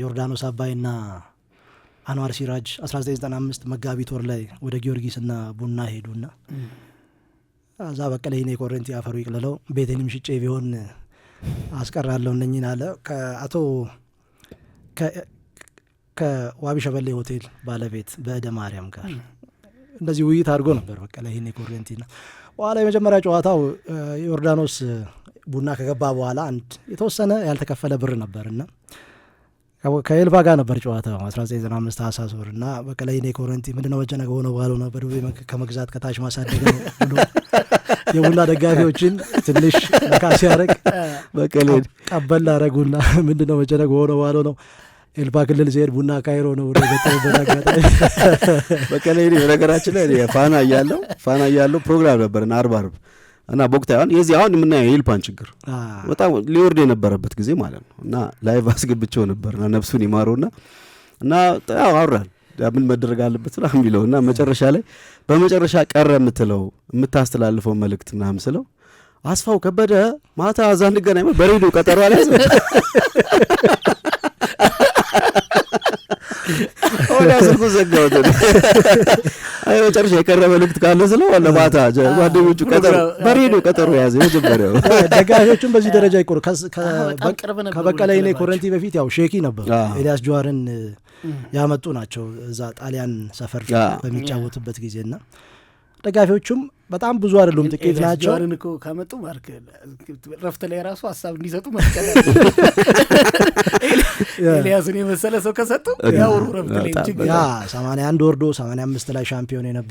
ዮርዳኖስ አባይና አንዋር ሲራጅ 1995 መጋቢት ወር ላይ ወደ ጊዮርጊስና ቡና ሄዱና እዛ በቀለ ይኔ ኮረንቲ አፈሩ ይቅልለው ቤቴንም ሽጬ ቢሆን አስቀራለሁ እነኝን አለ። ከአቶ ከዋቢ ሸበሌ ሆቴል ባለቤት በእደ ማርያም ጋር እንደዚህ ውይይት አድርጎ ነበር በቀለ ይኔ ኮረንቲና። በኋላ የመጀመሪያ ጨዋታው ዮርዳኖስ ቡና ከገባ በኋላ አንድ የተወሰነ ያልተከፈለ ብር ነበርና ከኤልባ ጋር ነበር ጨዋታው 1995 ታህሳስ ወር እና በቀላይ ኔ ኮረንቲ ምንድነው መጨነቅ ሆነ ባልሆነ በዱቤ ከመግዛት ከታች ማሳደግ ነው ብሎ የቡና ደጋፊዎችን ትንሽ ነካ ሲያደርግ በቀሌ ቀበል አረጉና ምንድነው መጨነቅ ሆነ ነው ኤልፋ ክልል ሲሄድ ቡና ካይሮ ነው ወደ ገጠበት አጋጣሚ በቀላይ በነገራችን ላይ ፋና እያለው ፋና እያለው ፕሮግራም ነበርን አርብ አርብ እና ቦክታ ይሆን የዚህ አሁን የምናየው የኢልፓን ችግር በጣም ሊወርድ የነበረበት ጊዜ ማለት ነው። እና ላይቭ አስገብቸው ነበር እና ነፍሱን ይማረውና እና ያው አውራል ምን መደረግ አለበት ስራ የሚለው እና መጨረሻ ላይ በመጨረሻ ቀረ የምትለው የምታስተላልፈው መልእክት ምናምን ስለው አስፋው ከበደ ማታ እዛ እንገናኝ በሬዲዮ ቀጠሮ አልያዝ ወደ ስልኩ ዘጋሁት። መጨረሻ የቀረ መልእክት ካለ ስለሆነ ማታ ጓደኞቹ ቀጠሮ በሬዲዮ ቀጠሮ የያዘ የመጀመሪያው ደጋፊዎቹን በዚህ ደረጃ ይቆሩ ከበቀለ እኔ ኮረንቲ በፊት ያው ሼኪ ነበር ኤልያስ ጀዋርን ያመጡ ናቸው እዛ ጣሊያን ሰፈር በሚጫወቱበት ጊዜ ና ደጋፊዎቹም በጣም ብዙ አይደሉም፣ ጥቂት ናቸው። ከመጡ ማርክ ረፍት ላይ ራሱ ሀሳብ እንዲሰጡ መስቀል ኤልያስን የመሰለ ሰው ከሰጡ ያውሩ ረብት ሰማንያ አንድ ወርዶ ሰማንያ አምስት ላይ ሻምፒዮን የነበረ